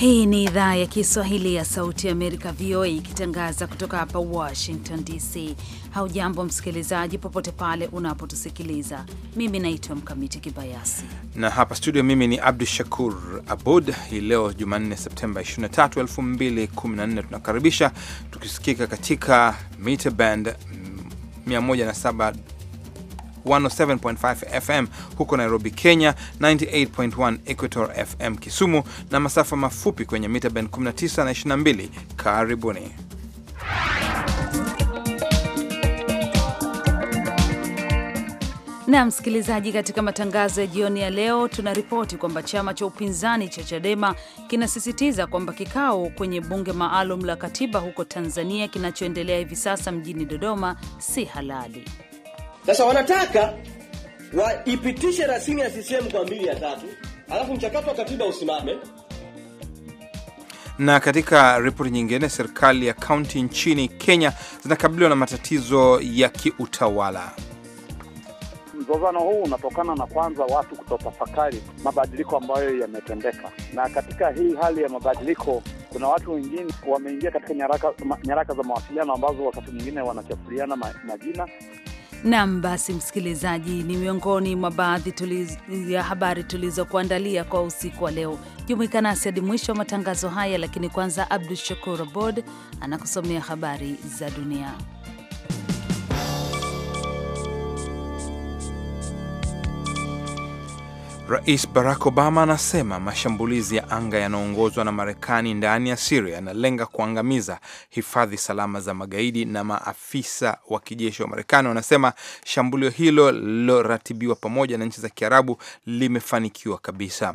Hii ni idhaa ya Kiswahili ya Sauti ya Amerika, VOA, ikitangaza kutoka hapa Washington DC. Haujambo msikilizaji, popote pale unapotusikiliza. Mimi naitwa Mkamiti Kibayasi na hapa studio mimi ni Abdu Shakur Abud. Hii leo Jumanne, Septemba 23, 2014, tunakaribisha tukisikika katika mita band 107 107.5 FM huko Nairobi, Kenya, 98.1 Equator FM Kisumu, na masafa mafupi kwenye mita band 19 na 22. Karibuni. Na msikilizaji, katika matangazo ya jioni ya leo tuna ripoti kwamba chama cha upinzani cha Chadema kinasisitiza kwamba kikao kwenye bunge maalum la katiba huko Tanzania kinachoendelea hivi sasa mjini Dodoma si halali. Sasa wanataka waipitishe rasimu ya CCM kwa mbili ya tatu, alafu mchakato wa katiba usimame. Na katika ripoti nyingine, serikali ya kaunti nchini Kenya zinakabiliwa na matatizo ya kiutawala. Mzozano huu unatokana na kwanza watu kutotafakari mabadiliko ambayo yametendeka, na katika hii hali ya mabadiliko kuna watu wengine wameingia katika nyaraka, nyaraka za mawasiliano ambazo wakati mwingine wanachafuliana majina. Nam, basi msikilizaji, ni miongoni mwa baadhi ya habari tulizokuandalia kwa usiku wa leo. Jumuika nasi hadi mwisho wa matangazo haya, lakini kwanza Abdu Shakur Abod anakusomea habari za dunia. Rais Barack Obama anasema mashambulizi ya anga yanayoongozwa na Marekani ndani ya Siria yanalenga kuangamiza hifadhi salama za magaidi, na maafisa wa kijeshi wa Marekani wanasema shambulio hilo lililoratibiwa pamoja na nchi za Kiarabu limefanikiwa kabisa.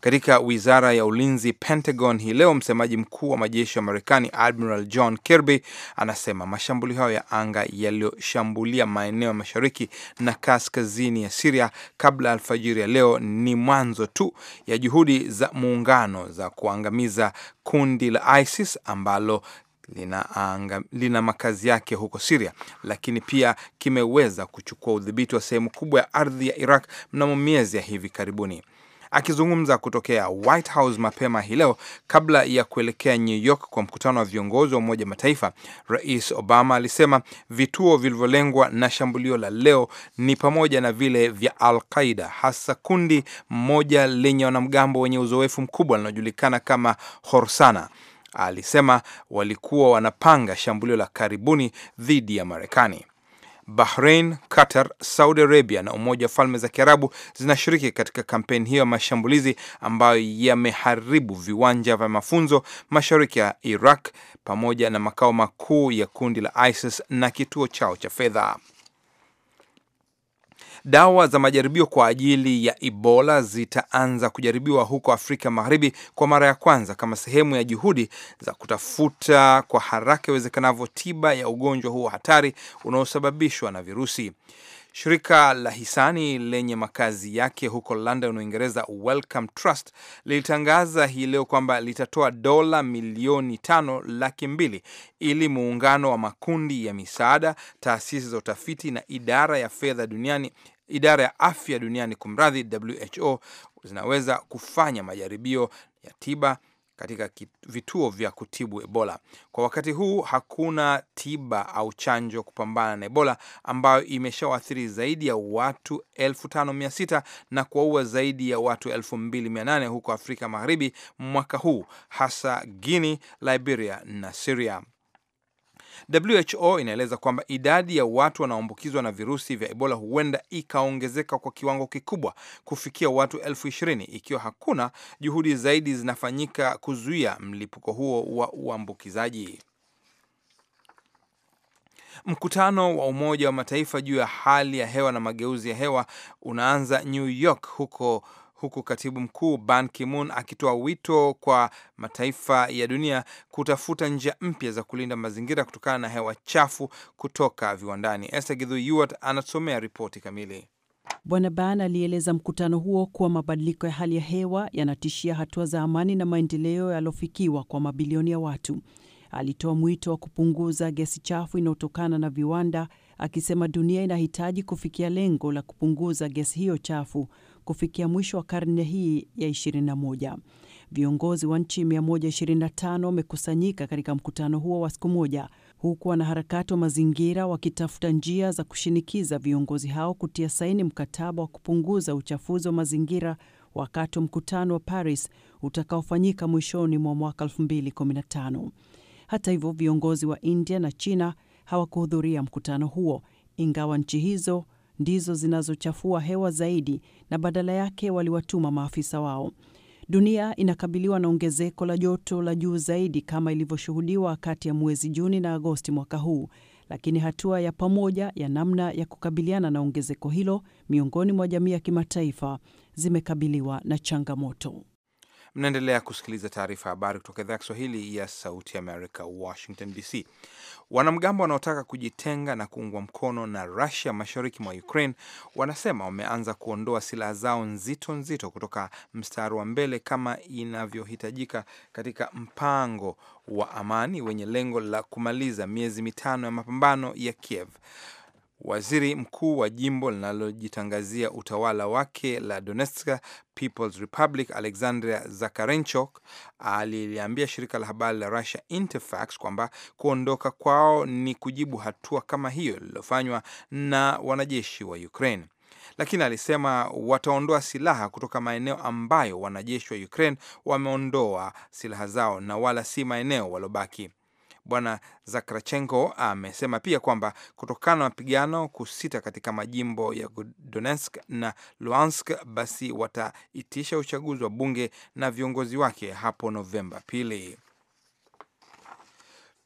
Katika wizara ya ulinzi Pentagon hii leo, msemaji mkuu wa majeshi ya Marekani Admiral John Kirby anasema mashambulio hayo ya anga yaliyoshambulia maeneo ya mashariki na kaskazini ya Siria kabla alfajiri ya leo ni mwanzo tu ya juhudi za muungano za kuangamiza kundi la ISIS ambalo lina, anga, lina makazi yake huko siria lakini pia kimeweza kuchukua udhibiti wa sehemu kubwa ya ardhi ya Iraq mnamo miezi ya hivi karibuni akizungumza kutokea White House mapema hii leo kabla ya kuelekea New York kwa mkutano wa viongozi wa Umoja Mataifa. Rais Obama alisema vituo vilivyolengwa na shambulio la leo ni pamoja na vile vya Al Qaida, hasa kundi mmoja lenye wanamgambo wenye uzoefu mkubwa linalojulikana kama Horsana. Alisema walikuwa wanapanga shambulio la karibuni dhidi ya Marekani. Bahrain, Qatar, Saudi Arabia na Umoja wa Falme za Kiarabu zinashiriki katika kampeni hiyo ya mashambulizi ambayo yameharibu viwanja vya mafunzo mashariki ya Iraq pamoja na makao makuu ya kundi la ISIS na kituo chao cha fedha. Dawa za majaribio kwa ajili ya Ebola zitaanza kujaribiwa huko Afrika Magharibi kwa mara ya kwanza kama sehemu ya juhudi za kutafuta kwa haraka iwezekanavyo tiba ya ugonjwa huo hatari unaosababishwa na virusi. Shirika la hisani lenye makazi yake huko London, Uingereza, Wellcome Trust lilitangaza hii leo kwamba litatoa dola milioni tano laki mbili ili muungano wa makundi ya misaada, taasisi za utafiti na idara ya fedha duniani idara ya afya duniani kumradhi, WHO zinaweza kufanya majaribio ya tiba katika vituo vya kutibu Ebola. Kwa wakati huu hakuna tiba au chanjo kupambana na Ebola ambayo imeshawaathiri zaidi ya watu 5600 na kuwaua zaidi ya watu e28 huko Afrika Magharibi mwaka huu, hasa Guinea, Liberia na Syria. WHO inaeleza kwamba idadi ya watu wanaoambukizwa na virusi vya Ebola huenda ikaongezeka kwa kiwango kikubwa kufikia watu elfu ishirini ikiwa hakuna juhudi zaidi zinafanyika kuzuia mlipuko huo wa uambukizaji. Mkutano wa Umoja wa Mataifa juu ya hali ya hewa na mageuzi ya hewa unaanza New York huko huku katibu mkuu Ban Ki-moon akitoa wito kwa mataifa ya dunia kutafuta njia mpya za kulinda mazingira kutokana na hewa chafu kutoka viwandani. Esther Githu anasomea ripoti kamili. Bwana Ban alieleza mkutano huo kuwa mabadiliko ya hali ya hewa yanatishia hatua za amani na maendeleo yaliofikiwa kwa mabilioni ya watu. Alitoa mwito wa kupunguza gesi chafu inayotokana na viwanda, akisema dunia inahitaji kufikia lengo la kupunguza gesi hiyo chafu kufikia mwisho wa karne hii ya 21. Viongozi wa nchi 125 wamekusanyika katika mkutano huo wa siku moja, huku wanaharakati wa mazingira wakitafuta njia za kushinikiza viongozi hao kutia saini mkataba wa kupunguza uchafuzi wa mazingira wakati wa mkutano wa Paris utakaofanyika mwishoni mwa mwaka 2015. Hata hivyo, viongozi wa India na China hawakuhudhuria mkutano huo, ingawa nchi hizo ndizo zinazochafua hewa zaidi, na badala yake waliwatuma maafisa wao. Dunia inakabiliwa na ongezeko la joto la juu zaidi kama ilivyoshuhudiwa kati ya mwezi Juni na Agosti mwaka huu, lakini hatua ya pamoja ya namna ya kukabiliana na ongezeko hilo miongoni mwa jamii ya kimataifa zimekabiliwa na changamoto. Mnaendelea kusikiliza taarifa ya habari kutoka idhaa ya Kiswahili ya Sauti Amerika, Washington DC. Wanamgambo wanaotaka kujitenga na kuungwa mkono na Rusia mashariki mwa Ukraine wanasema wameanza kuondoa silaha zao nzito nzito kutoka mstari wa mbele kama inavyohitajika katika mpango wa amani wenye lengo la kumaliza miezi mitano ya mapambano ya Kiev. Waziri mkuu wa jimbo linalojitangazia utawala wake la Donetsk People's Republic, Alexandria Zakarenchok, aliliambia shirika la habari la Russia Interfax kwamba kuondoka kwao ni kujibu hatua kama hiyo lililofanywa na wanajeshi wa Ukraine lakini alisema wataondoa silaha kutoka maeneo ambayo wanajeshi wa Ukraine wameondoa silaha zao na wala si maeneo waliobaki. Bwana Zakrachenko amesema pia kwamba kutokana na mapigano kusita katika majimbo ya Donetsk na Luhansk, basi wataitisha uchaguzi wa bunge na viongozi wake hapo Novemba pili.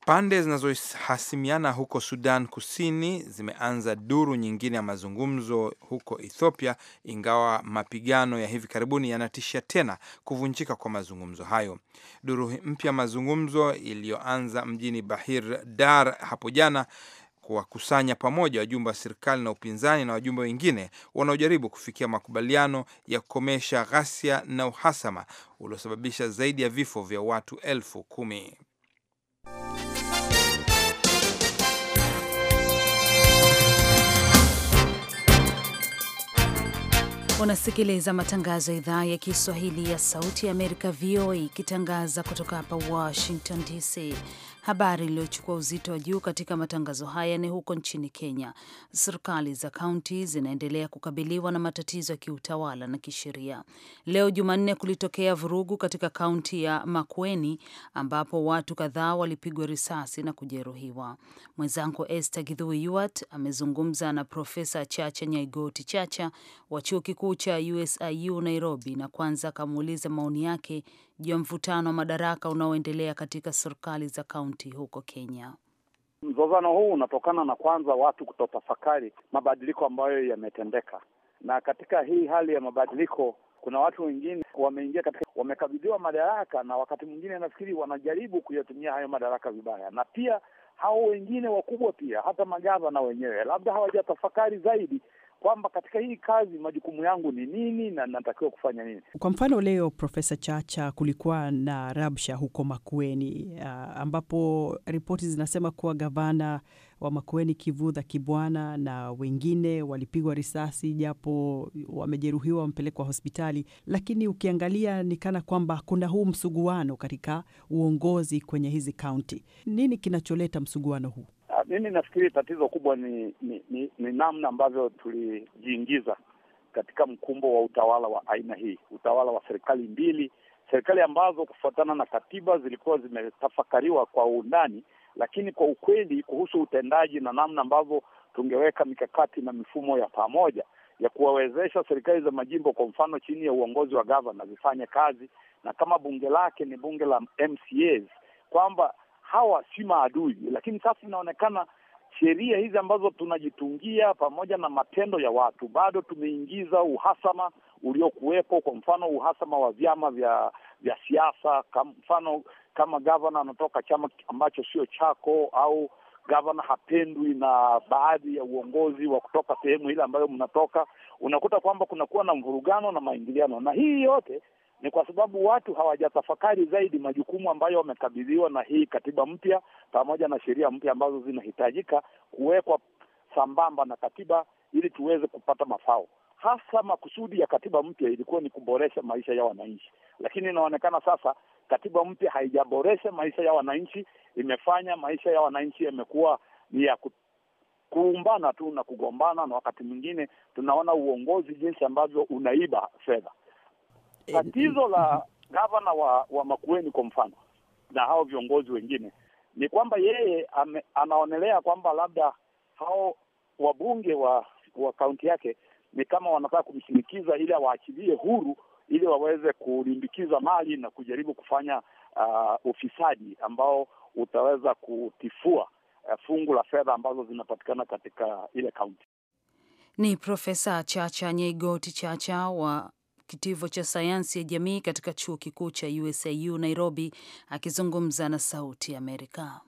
Pande zinazohasimiana huko Sudan Kusini zimeanza duru nyingine ya mazungumzo huko Ethiopia, ingawa mapigano ya hivi karibuni yanatishia tena kuvunjika kwa mazungumzo hayo. Duru mpya mazungumzo iliyoanza mjini Bahir Dar hapo jana kuwakusanya pamoja wajumbe wa serikali na upinzani na wajumbe wengine wanaojaribu kufikia makubaliano ya kukomesha ghasia na uhasama uliosababisha zaidi ya vifo vya watu elfu kumi. Unasikiliza matangazo ya idhaa ya Kiswahili ya Sauti ya Amerika, VOA, ikitangaza kutoka hapa Washington DC. Habari iliyochukua uzito wa juu katika matangazo haya ni huko nchini Kenya. Serikali za kaunti zinaendelea kukabiliwa na matatizo ya kiutawala na kisheria. Leo Jumanne kulitokea vurugu katika kaunti ya Makueni ambapo watu kadhaa walipigwa risasi na kujeruhiwa. Mwenzangu Esther Gidhui Yuat amezungumza na Profesa Chacha Nyaigoti Chacha wa chuo kikuu cha USIU Nairobi, na kwanza akamuuliza maoni yake juu ya mvutano wa madaraka unaoendelea katika serikali za kaunti huko Kenya. Mzozano huu unatokana na kwanza watu kutotafakari mabadiliko ambayo yametendeka, na katika hii hali ya mabadiliko kuna watu wengine wameingia katika, wamekabidhiwa madaraka, na wakati mwingine nafikiri wanajaribu kuyatumia hayo madaraka vibaya, na pia hao wengine wakubwa pia hata magavana wenyewe labda hawajatafakari zaidi kwamba katika hii kazi majukumu yangu ni nini na natakiwa kufanya nini. Kwa mfano leo, Profesa Chacha, kulikuwa na rabsha huko Makueni uh, ambapo ripoti zinasema kuwa gavana wa Makueni Kivutha Kibwana na wengine walipigwa risasi, japo wamejeruhiwa, wamepelekwa hospitali. Lakini ukiangalia ni kana kwamba kuna huu msuguano katika uongozi kwenye hizi kaunti. Nini kinacholeta msuguano huu? mimi nafikiri tatizo kubwa ni ni, ni, ni namna ambavyo tulijiingiza katika mkumbo wa utawala wa aina hii, utawala wa serikali mbili, serikali ambazo kufuatana na katiba zilikuwa zimetafakariwa kwa undani, lakini kwa ukweli kuhusu utendaji na namna ambavyo tungeweka mikakati na mifumo ya pamoja ya kuwawezesha serikali za majimbo kwa mfano chini ya uongozi wa gavana zifanye kazi, na kama bunge lake ni bunge la MCAs kwamba hawa si maadui, lakini sasa inaonekana sheria hizi ambazo tunajitungia pamoja na matendo ya watu, bado tumeingiza uhasama uliokuwepo. Kwa mfano, uhasama wa vyama vya vya siasa, kwa mfano kama gavana anatoka chama ambacho sio chako au gavana hapendwi na baadhi ya uongozi wa kutoka sehemu ile ambayo mnatoka, unakuta kwamba kunakuwa na mvurugano na maingiliano, na hii yote ni kwa sababu watu hawajatafakari zaidi majukumu ambayo wamekabidhiwa na hii katiba mpya pamoja na sheria mpya ambazo zinahitajika kuwekwa sambamba na katiba ili tuweze kupata mafao. Hasa makusudi ya katiba mpya ilikuwa ni kuboresha maisha ya wananchi, lakini inaonekana sasa katiba mpya haijaboresha maisha ya wananchi, imefanya maisha ya wananchi yamekuwa ni ya kuumbana tu na kugombana, na wakati mwingine tunaona uongozi jinsi ambavyo unaiba fedha. Tatizo la gavana wa, wa Makueni kwa mfano na hao viongozi wengine ni kwamba yeye ame, anaonelea kwamba labda hao wabunge wa wa kaunti yake ni kama wanataka kumshinikiza ili awaachilie huru ili waweze kulimbikiza mali na kujaribu kufanya uh, ufisadi ambao utaweza kutifua uh, fungu la fedha ambazo zinapatikana katika ile kaunti. Ni Profesa Chacha Nyeigoti Chacha wa kitivo cha sayansi ya jamii katika chuo kikuu cha USIU Nairobi, akizungumza na Sauti Amerika.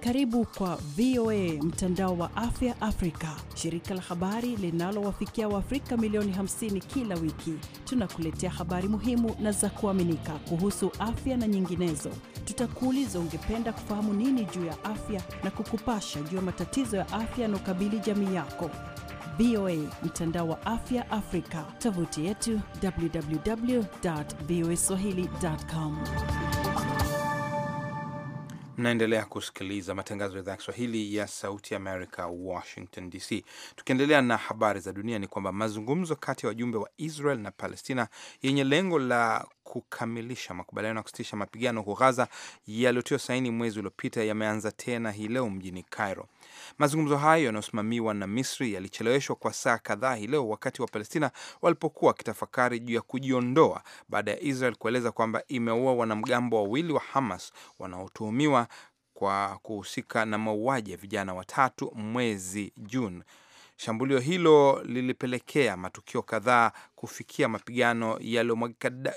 Karibu kwa VOA mtandao wa afya Afrika, shirika la habari linalowafikia Waafrika milioni 50 kila wiki. Tunakuletea habari muhimu na za kuaminika kuhusu afya na nyinginezo. Tutakuuliza ungependa kufahamu nini juu ya afya na kukupasha juu ya matatizo ya afya yanaokabili jamii yako. VOA, mtandao wa afya Afrika, tovuti yetu www.voaswahili.com. Mnaendelea kusikiliza matangazo ya idhaa ya Kiswahili ya Sauti Amerika, Washington DC. Tukiendelea na habari za dunia, ni kwamba mazungumzo kati ya wajumbe wa Israel na Palestina yenye lengo la kukamilisha makubaliano ya kusitisha mapigano huko Gaza yaliyotiwa saini mwezi uliopita yameanza tena hii leo mjini Cairo. Mazungumzo hayo yanayosimamiwa na Misri yalicheleweshwa kwa saa kadhaa hii leo wakati wa Palestina walipokuwa wakitafakari juu ya kujiondoa baada ya Israel kueleza kwamba imeua wanamgambo wawili wa Hamas wanaotuhumiwa kwa kuhusika na mauaji ya vijana watatu mwezi Juni. Shambulio hilo lilipelekea matukio kadhaa kufikia mapigano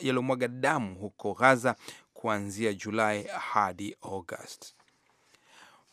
yaliyomwaga damu huko Gaza kuanzia Julai hadi Agosti.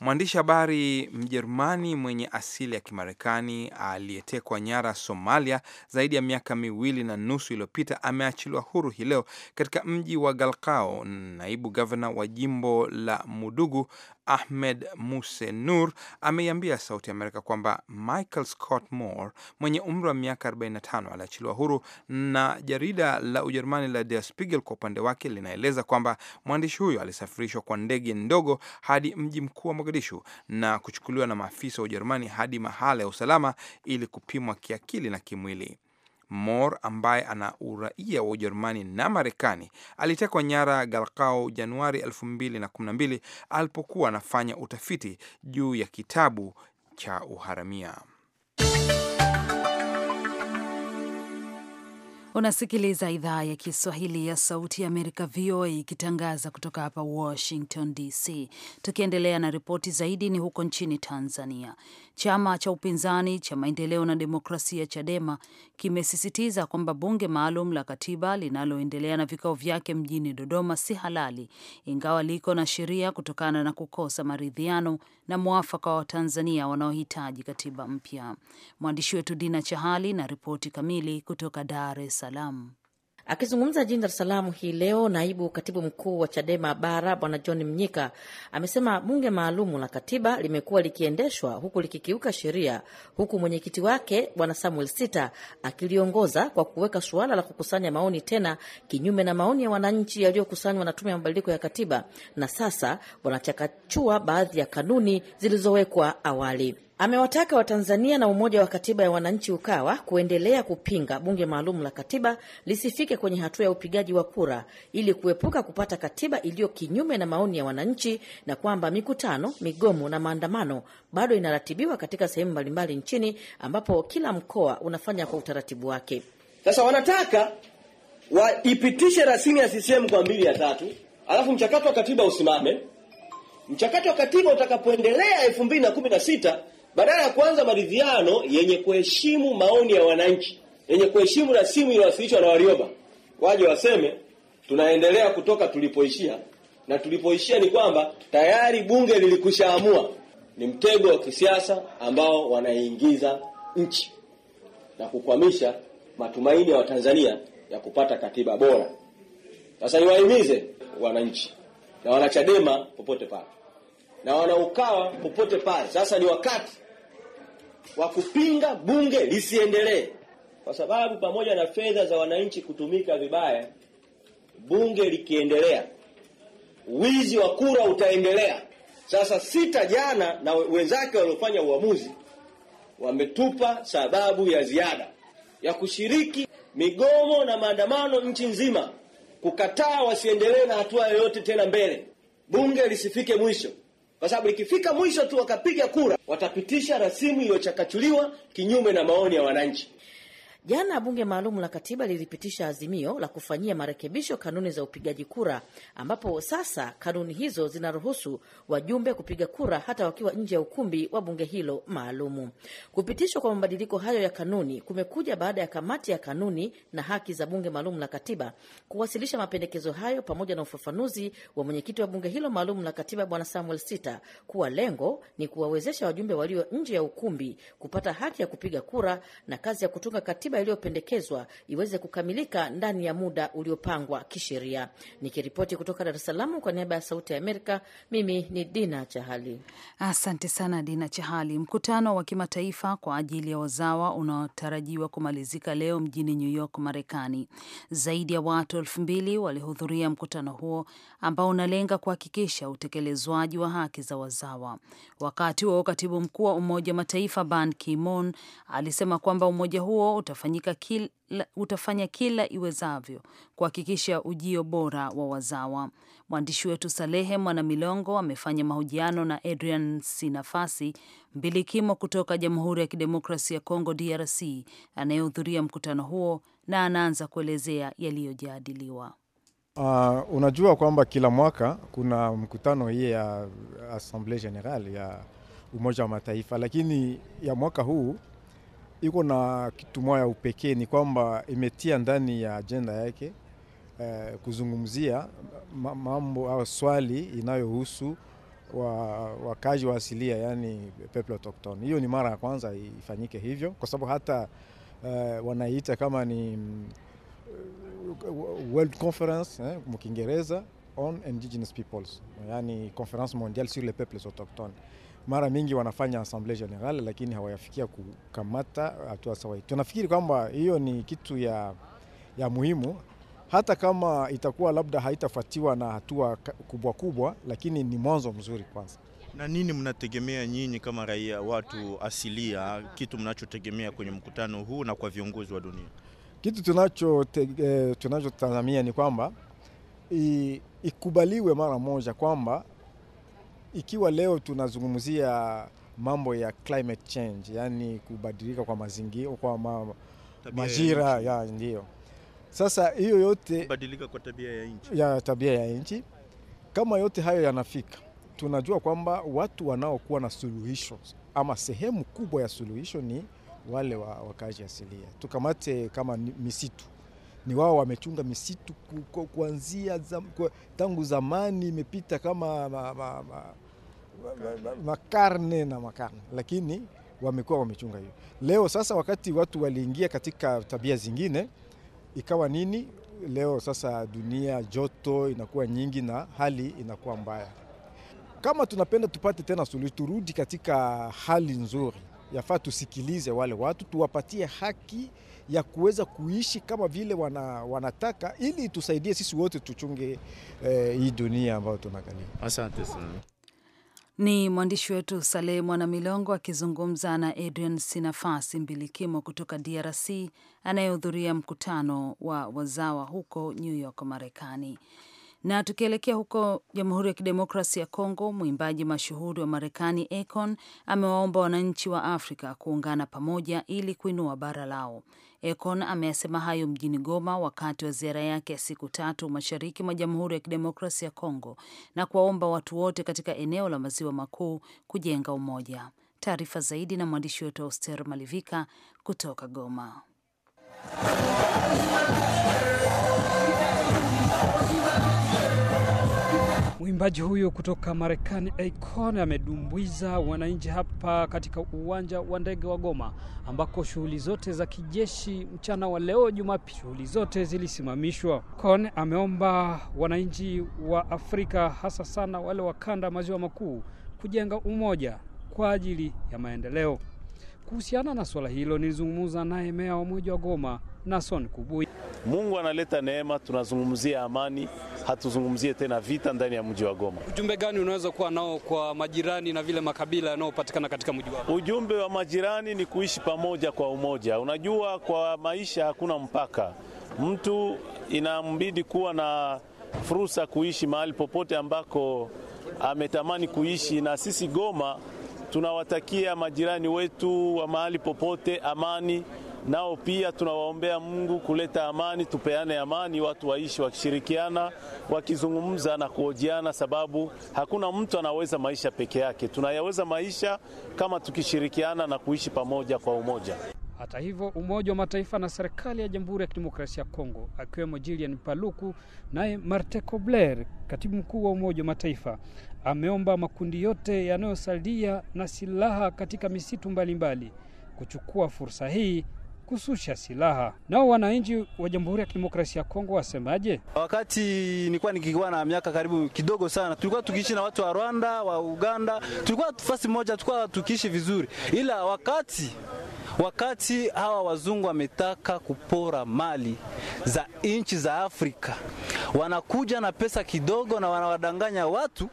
Mwandishi habari Mjerumani mwenye asili ya Kimarekani aliyetekwa nyara Somalia zaidi ya miaka miwili na nusu iliyopita ameachiliwa huru hii leo katika mji wa Galkao. Naibu gavana wa jimbo la Mudugu Ahmed Muse Nur ameiambia Sauti Amerika kwamba Michael Scott Moore mwenye umri wa miaka 45 aliachiliwa huru, na jarida la Ujerumani la Der Spiegel kwa upande wake linaeleza kwamba mwandishi huyo alisafirishwa kwa ndege ndogo hadi mji mkuu wa Mogadishu na kuchukuliwa na maafisa wa Ujerumani hadi mahala ya usalama ili kupimwa kiakili na kimwili. Mor ambaye ana uraia wa Ujerumani na Marekani alitekwa nyara Galkao Januari 2012 alipokuwa anafanya utafiti juu ya kitabu cha uharamia. Unasikiliza idhaa ya Kiswahili ya Sauti ya Amerika, VOA, ikitangaza kutoka hapa Washington DC. Tukiendelea na ripoti zaidi, ni huko nchini Tanzania. Chama cha upinzani cha maendeleo na demokrasia Chadema kimesisitiza kwamba bunge maalum la katiba linaloendelea na vikao vyake mjini Dodoma si halali, ingawa liko na sheria kutokana na kukosa maridhiano na mwafaka wa Watanzania wanaohitaji katiba mpya. Mwandishi wetu Dina Chahali na ripoti kamili kutoka Dar es Salaam. Akizungumza jijini Dar es Salaam hii leo, naibu katibu mkuu wa CHADEMA Bara Bwana John Mnyika amesema bunge maalumu la katiba limekuwa likiendeshwa huku likikiuka sheria, huku mwenyekiti wake Bwana Samuel Sita akiliongoza kwa kuweka suala la kukusanya maoni tena kinyume na maoni ya wananchi yaliyokusanywa na Tume ya Mabadiliko ya Katiba, na sasa wanachakachua baadhi ya kanuni zilizowekwa awali. Amewataka Watanzania na Umoja wa Katiba ya Wananchi Ukawa kuendelea kupinga bunge maalum la katiba lisifike kwenye hatua ya upigaji wa kura ili kuepuka kupata katiba iliyo kinyume na maoni ya wananchi, na kwamba mikutano, migomo na maandamano bado inaratibiwa katika sehemu mbalimbali nchini ambapo kila mkoa unafanya kwa utaratibu wake. Sasa wanataka waipitishe rasimu ya CCM kwa mbili ya tatu, alafu mchakato wa katiba usimame. Mchakato wa katiba utakapoendelea elfu mbili na kumi na sita badala ya kuanza maridhiano yenye kuheshimu maoni ya wananchi, yenye kuheshimu rasimu iliyowasilishwa na Warioba, waje waseme tunaendelea kutoka tulipoishia, na tulipoishia ni kwamba tayari bunge lilikushaamua. Ni mtego wa kisiasa ambao wanaingiza nchi na kukwamisha matumaini ya Watanzania ya kupata katiba bora. Sasa niwahimize wananchi na wanachadema popote pale na wanaukawa popote pale, sasa ni wakati wa kupinga bunge lisiendelee, kwa sababu pamoja na fedha za wananchi kutumika vibaya, bunge likiendelea, wizi wa kura utaendelea. Sasa sita jana na wenzake waliofanya uamuzi wametupa sababu ya ziada ya kushiriki migomo na maandamano nchi nzima, kukataa wasiendelee na hatua yoyote tena mbele, bunge lisifike mwisho kwa sababu ikifika mwisho tu wakapiga kura, watapitisha rasimu iliyochakachuliwa kinyume na maoni ya wananchi. Jana bunge maalum la katiba lilipitisha azimio la kufanyia marekebisho kanuni za upigaji kura, ambapo sasa kanuni hizo zinaruhusu wajumbe kupiga kura hata wakiwa nje ya ukumbi wa bunge hilo maalumu. Kupitishwa kwa mabadiliko hayo ya kanuni kumekuja baada ya kamati ya kanuni na haki za bunge maalum la katiba kuwasilisha mapendekezo hayo pamoja na ufafanuzi wa mwenyekiti wa bunge hilo maalum la katiba Bwana Samuel Sita kuwa lengo ni kuwawezesha wajumbe walio nje ya ukumbi kupata haki ya kupiga kura na kazi ya kutunga katiba katiba iliyopendekezwa iweze kukamilika ndani ya muda uliopangwa kisheria. Nikiripoti kutoka Dar es Salaam kwa niaba ya Sauti ya Amerika, mimi ni Dina Chahali. Asante sana Dina Chahali. Mkutano wa kimataifa kwa ajili ya wazawa unaotarajiwa kumalizika leo mjini New York, Marekani, zaidi ya watu elfu mbili walihudhuria mkutano huo ambao unalenga kuhakikisha utekelezwaji wa haki za wazawa. Wakati huo katibu mkuu wa Umoja wa Mataifa Ban Ki-moon alisema kwamba umoja huo utafanya utafanyika kila, utafanya kila iwezavyo kuhakikisha ujio bora wa wazawa. Mwandishi wetu Salehe Mwanamilongo amefanya mahojiano na Adrian Sinafasi mbilikimo kutoka Jamhuri ya Kidemokrasi ya Kongo DRC anayehudhuria mkutano huo na anaanza kuelezea yaliyojadiliwa. Uh, unajua kwamba kila mwaka kuna mkutano hii ya Assemblée Générale ya Umoja wa Mataifa, lakini ya mwaka huu iko na kitu moja ya upekee, ni kwamba imetia ndani ya ajenda yake eh, kuzungumzia mambo au swali inayohusu wakazi wa, wa asilia, yani people autochthone. Hiyo ni mara ya kwanza ifanyike hivyo, kwa sababu hata eh, wanaita kama ni mm, eh, World Conference eh, mkiingereza on indigenous peoples, yani conference mondiale sur les peuples autochtones mara mingi wanafanya assemble general, lakini hawayafikia kukamata hatua sawahi. Tunafikiri kwamba hiyo ni kitu ya, ya muhimu hata kama itakuwa labda haitafuatiwa na hatua kubwa kubwa, lakini ni mwanzo mzuri kwanza. Na nini mnategemea nyinyi kama raia, watu asilia, kitu mnachotegemea kwenye mkutano huu na kwa viongozi wa dunia? Kitu eh, tunachotazamia tunacho ni kwamba ikubaliwe mara moja kwamba ikiwa leo tunazungumzia mambo ya climate change, yani kubadilika kwa mazingira, kwa ma, majira ya ndio. Sasa hiyo yote kubadilika kwa tabia ya nchi, ya tabia ya nchi, kama yote hayo yanafika, tunajua kwamba watu wanaokuwa na suluhisho ama sehemu kubwa ya suluhisho ni wale wa wakazi asilia. Tukamate kama misitu ni wao wamechunga misitu kuanzia zam, tangu zamani imepita kama ma, ma, ma, makarne na makarne, lakini wamekuwa wamechunga hiyo. Leo sasa, wakati watu waliingia katika tabia zingine, ikawa nini? Leo sasa dunia joto inakuwa nyingi na hali inakuwa mbaya. Kama tunapenda tupate tena suluhi, turudi katika hali nzuri, yafaa tusikilize wale watu, tuwapatie haki ya kuweza kuishi kama vile wana, wanataka, ili tusaidie sisi wote tuchunge eh, hii dunia ambayo tunakalia. Asante sana. Ni mwandishi wetu Saleh Mwanamilongo akizungumza na Adrian Sinafasi Mbilikimo kutoka DRC anayehudhuria mkutano wa wazawa huko New York, Marekani. Na tukielekea huko Jamhuri ya Kidemokrasi ya Kongo, mwimbaji mashuhuri wa Marekani Akon amewaomba wananchi wa Afrika kuungana pamoja ili kuinua bara lao. Akon ameyasema hayo mjini Goma wakati wa ziara yake ya siku tatu mashariki mwa Jamhuri ya Kidemokrasi ya Kongo na kuwaomba watu wote katika eneo la Maziwa Makuu kujenga umoja. Taarifa zaidi na mwandishi wetu Auster Malivika kutoka Goma. Mwimbaji huyu kutoka Marekani Akon amedumbwiza wananchi hapa katika uwanja wa ndege wa Goma ambako shughuli zote za kijeshi mchana wa leo Jumapili, shughuli zote zilisimamishwa. Akon ameomba wananchi wa Afrika hasa sana wale wa kanda maziwa makuu kujenga umoja kwa ajili ya maendeleo. Kuhusiana na swala hilo nilizungumza naye meya wa mji wa Goma Nason Kubui. Mungu analeta neema, tunazungumzia amani, hatuzungumzie tena vita ndani ya mji wa Goma. Ujumbe gani unaweza kuwa nao kwa majirani na vile makabila yanayopatikana katika mji wako? Ujumbe wa majirani ni kuishi pamoja kwa umoja. Unajua, kwa maisha hakuna mpaka, mtu inambidi kuwa na fursa kuishi mahali popote ambako ametamani kuishi, na sisi Goma tunawatakia majirani wetu wa mahali popote amani, nao pia tunawaombea Mungu kuleta amani, tupeane amani, watu waishi wakishirikiana, wakizungumza na kuojiana, sababu hakuna mtu anaweza maisha peke yake. Tunayaweza maisha kama tukishirikiana na kuishi pamoja kwa umoja. Hata hivyo Umoja wa Mataifa na serikali ya Jamhuri ya Kidemokrasia ya Kongo, akiwemo Julian Paluku naye Marte Kobler, katibu mkuu wa Umoja wa Mataifa, ameomba makundi yote yanayosalia na silaha katika misitu mbalimbali mbali, kuchukua fursa hii kususha silaha. Nao wananchi wa Jamhuri ya Kidemokrasia ya Kongo wasemaje? Wakati nilikuwa nikikuwa na miaka karibu kidogo sana, tulikuwa tukiishi na watu wa Rwanda, wa Uganda, tulikuwa fasi moja, tulikuwa tukiishi vizuri, ila wakati Wakati hawa wazungu wametaka kupora mali za nchi za Afrika, wanakuja na pesa kidogo na wanawadanganya watu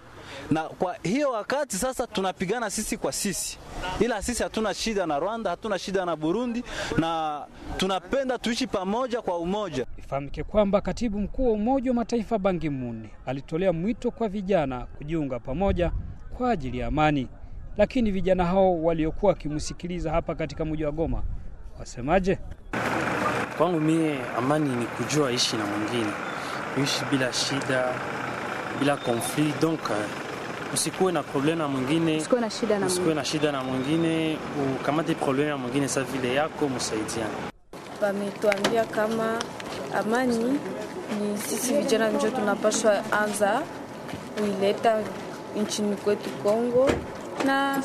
na kwa hiyo wakati sasa tunapigana sisi kwa sisi, ila sisi hatuna shida na Rwanda, hatuna shida na Burundi, na tunapenda tuishi pamoja kwa umoja. Ifahamike kwamba katibu mkuu wa Umoja wa Mataifa Ban Ki-moon alitolea mwito kwa vijana kujiunga pamoja kwa ajili ya amani. Lakini vijana hao waliokuwa wakimsikiliza hapa katika mji wa Goma wasemaje? Kwangu mie, amani ni kujua ishi na mwingine, kuishi bila shida, bila konfli. Donc usikuwe na problem na mwingine, usikuwe na shida na mwingine, ukamate problem na mwingine sa vile yako, msaidiane. Wametuambia kama amani ni sisi vijana njo tunapaswa anza kuileta nchini kwetu Kongo na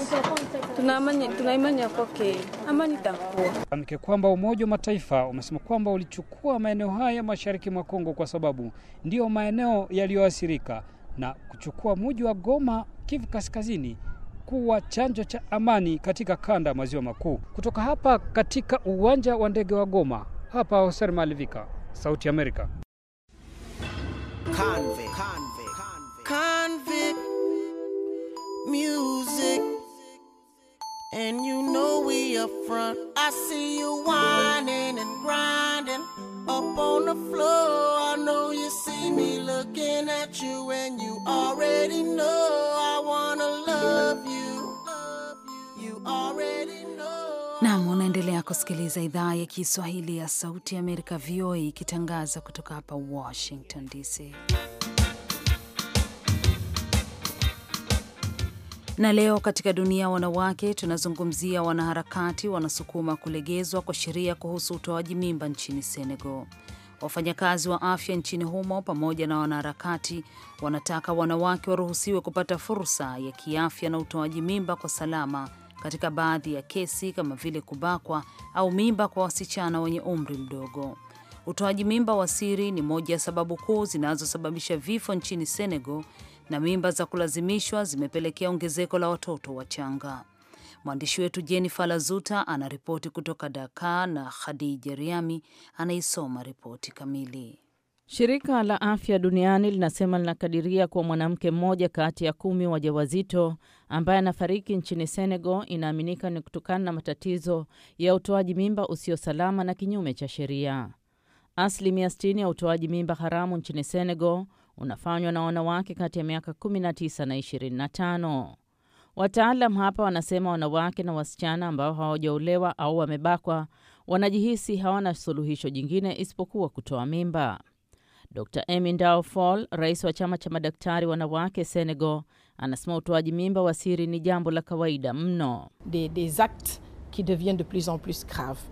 tuna imani ya kwake amani itakuwa. kwamba Umoja wa Mataifa umesema kwamba ulichukua maeneo haya mashariki mwa Kongo kwa sababu ndiyo maeneo yaliyoathirika na kuchukua muji wa Goma, Kivu Kaskazini kuwa chanjo cha amani katika kanda ya maziwa makuu. Kutoka hapa katika uwanja wa ndege wa Goma, hapa Hoser Malivika, Sauti ya Amerika. Kanve, kanve, kanve, kanve, music. And you know we up front. I see you whining and grinding up on the floor. I know you see me looking at you, and you already know I wanna love you. You already know. Naam, unaendelea kusikiliza idhaa ya Kiswahili ya Sauti ya Amerika, VOA, ikitangaza kutoka hapa Washington DC. Na leo katika dunia ya wanawake tunazungumzia wanaharakati wanasukuma kulegezwa kwa sheria kuhusu utoaji mimba nchini Senegal. Wafanyakazi wa afya nchini humo pamoja na wanaharakati wanataka wanawake waruhusiwe kupata fursa ya kiafya na utoaji mimba kwa salama katika baadhi ya kesi kama vile kubakwa au mimba kwa wasichana wenye umri mdogo. Utoaji mimba wa siri ni moja ya sababu kuu zinazosababisha vifo nchini Senegal na mimba za kulazimishwa zimepelekea ongezeko la watoto wachanga. Mwandishi wetu Jennifer Lazuta anaripoti kutoka Dakar na Khadija Riami anaisoma ripoti kamili. Shirika la Afya Duniani linasema linakadiria kuwa mwanamke mmoja kati ya kumi wajawazito ambaye anafariki nchini Senegal inaaminika ni kutokana na matatizo ya utoaji mimba usio salama na kinyume cha sheria. Asilimia 60 ya utoaji mimba haramu nchini Senegal unafanywa na wanawake kati ya miaka 19 na 25. Wataalam hapa wanasema wanawake na wasichana ambao hawajaolewa au wamebakwa wanajihisi hawana suluhisho jingine isipokuwa kutoa mimba. Dr Emy Ndao Fall, rais wa chama cha madaktari wanawake Senegal, anasema utoaji mimba wa siri ni jambo la kawaida mno. Des, des actes qui deviennent de plus en plus graves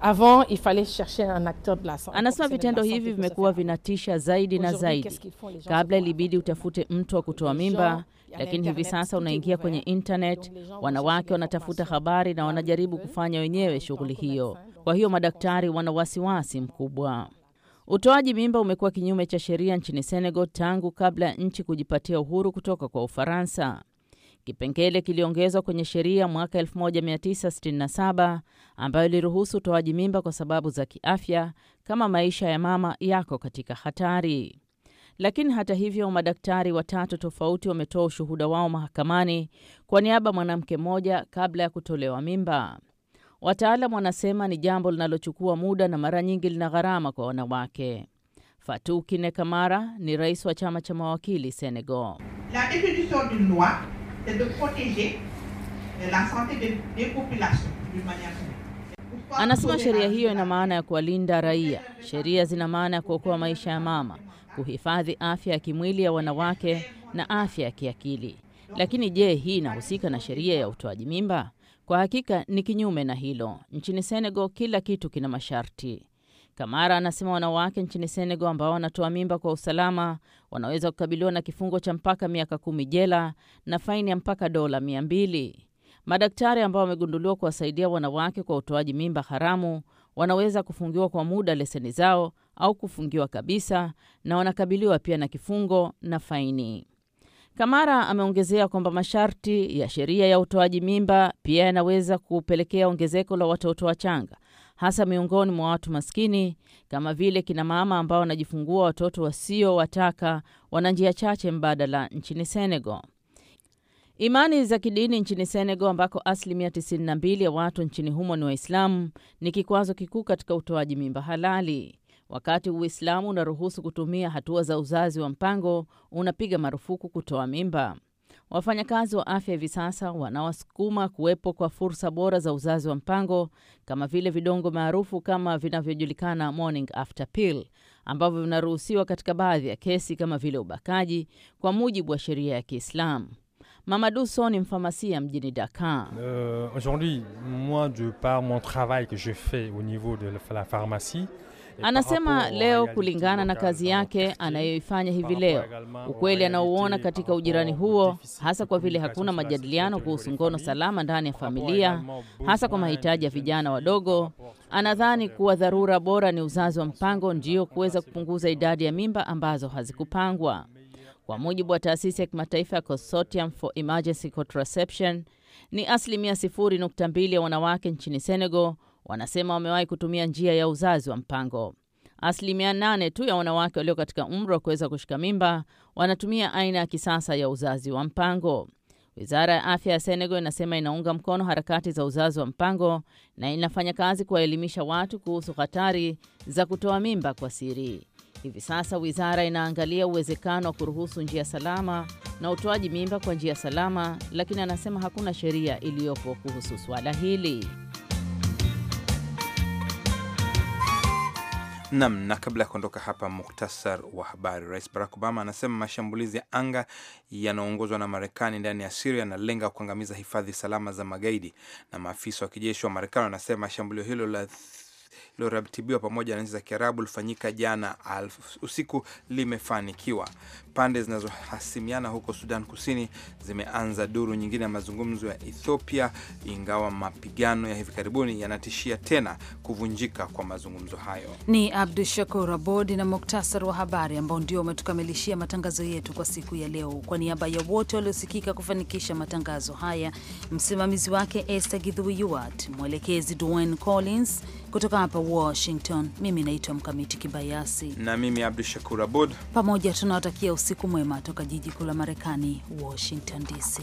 Avant, il fallait chercher un acteur de la santé. Anasema vitendo hivi vimekuwa vinatisha zaidi na zaidi. Kabla ilibidi utafute mtu wa kutoa mimba, lakini hivi sasa unaingia kwenye internet, wanawake wanatafuta habari na wanajaribu kufanya wenyewe shughuli hiyo. Kwa hiyo madaktari wana wasiwasi mkubwa. Utoaji mimba umekuwa kinyume cha sheria nchini Senegal tangu kabla ya nchi kujipatia uhuru kutoka kwa Ufaransa. Kipengele kiliongezwa kwenye sheria mwaka 1967 ambayo iliruhusu utoaji mimba kwa sababu za kiafya kama maisha ya mama yako katika hatari. Lakini hata hivyo, madaktari watatu tofauti wametoa ushuhuda wao mahakamani kwa niaba mwanamke mmoja kabla ya kutolewa mimba. wataalam wanasema ni jambo linalochukua muda na mara nyingi lina gharama kwa wanawake. Fatou Kine ni rais wa chama cha mawakili Senegal. La c'est de protéger euh, la santé des, des populations d'une manière générale. Anasema sheria hiyo ina maana ya kuwalinda raia. Sheria zina maana ya kuokoa maisha ya mama, kuhifadhi afya ya kimwili ya wanawake na afya ya kiakili. Lakini je, hii inahusika na sheria ya utoaji mimba? Kwa hakika ni kinyume na hilo. Nchini Senegal kila kitu kina masharti. Kamara anasema wanawake nchini Senegal ambao wanatoa mimba kwa usalama wanaweza kukabiliwa na kifungo cha mpaka miaka kumi jela na faini ya mpaka dola mia mbili. Madaktari ambao wamegunduliwa kuwasaidia wanawake kwa utoaji mimba haramu wanaweza kufungiwa kwa muda leseni zao au kufungiwa kabisa, na wanakabiliwa pia na kifungo na faini. Kamara ameongezea kwamba masharti ya sheria ya utoaji mimba pia yanaweza kupelekea ongezeko la watoto wachanga hasa miongoni mwa watu maskini kama vile kina mama ambao wanajifungua watoto wasiowataka. Wana njia chache mbadala nchini Senegal. Imani za kidini nchini Senegal, ambako asilimia 92 ya watu nchini humo ni Waislamu, ni kikwazo kikuu katika utoaji mimba halali. Wakati Uislamu unaruhusu kutumia hatua za uzazi wa mpango, unapiga marufuku kutoa mimba. Wafanyakazi wa afya hivi sasa wanawasukuma kuwepo kwa fursa bora za uzazi wa mpango kama vile vidongo maarufu kama vinavyojulikana morning after pill ambavyo vinaruhusiwa katika baadhi ya kesi kama vile ubakaji kwa mujibu wa sheria ya Kiislamu. Mamadou So ni mfamasia mjini Dakar. Uh, aujourd'hui moi de par mon travail que je fais au niveau de la pharmacie Eh, Anasema leo, kulingana na kazi yake anayoifanya hivi leo, ukweli anaouona katika ujirani huo, hasa kwa vile hakuna majadiliano kuhusu ngono salama ndani ya familia, hasa kwa mahitaji ya vijana wadogo, anadhani kuwa dharura bora ni uzazi wa mpango, ndio kuweza kupunguza idadi ya mimba ambazo hazikupangwa. Kwa mujibu wa taasisi ya kimataifa ya Consortium for Emergency Contraception, ni asilimia 0.2 ya wanawake nchini Senegal wanasema wamewahi kutumia njia ya uzazi wa mpango. Asilimia nane tu ya wanawake walio katika umri wa kuweza kushika mimba wanatumia aina ya kisasa ya uzazi wa mpango. Wizara ya afya ya Senegal inasema inaunga mkono harakati za uzazi wa mpango na inafanya kazi kuwaelimisha watu kuhusu hatari za kutoa mimba kwa siri. Hivi sasa wizara inaangalia uwezekano wa kuruhusu njia salama na utoaji mimba kwa njia salama, lakini anasema hakuna sheria iliyopo kuhusu swala hili. Nam, na kabla ya kuondoka hapa, muktasar wa habari. Rais Barack Obama anasema mashambulizi ya anga yanayoongozwa na Marekani ndani ya Siria yanalenga kuangamiza hifadhi salama za magaidi, na maafisa wa kijeshi wa Marekani wanasema shambulio hilo la lililoratibiwa pamoja na nchi za Kiarabu lilifanyika jana usiku limefanikiwa. Pande zinazohasimiana huko Sudan Kusini zimeanza duru nyingine ya mazungumzo ya Ethiopia, ingawa mapigano ya hivi karibuni yanatishia tena kuvunjika kwa mazungumzo hayo. Ni Abdu Shakur Abod na muktasar wa habari ambao ndio wametukamilishia matangazo yetu kwa siku ya leo. Kwa niaba ya wote waliosikika kufanikisha matangazo haya, msimamizi wake Esther Gidhuiwat, mwelekezi Dwayne Collins kutoka hapa Washington. Mimi naitwa Mkamiti Kibayasi na mimi Abdu Shakur Abud, pamoja tunawatakia usiku mwema toka jiji kuu la Marekani, Washington DC.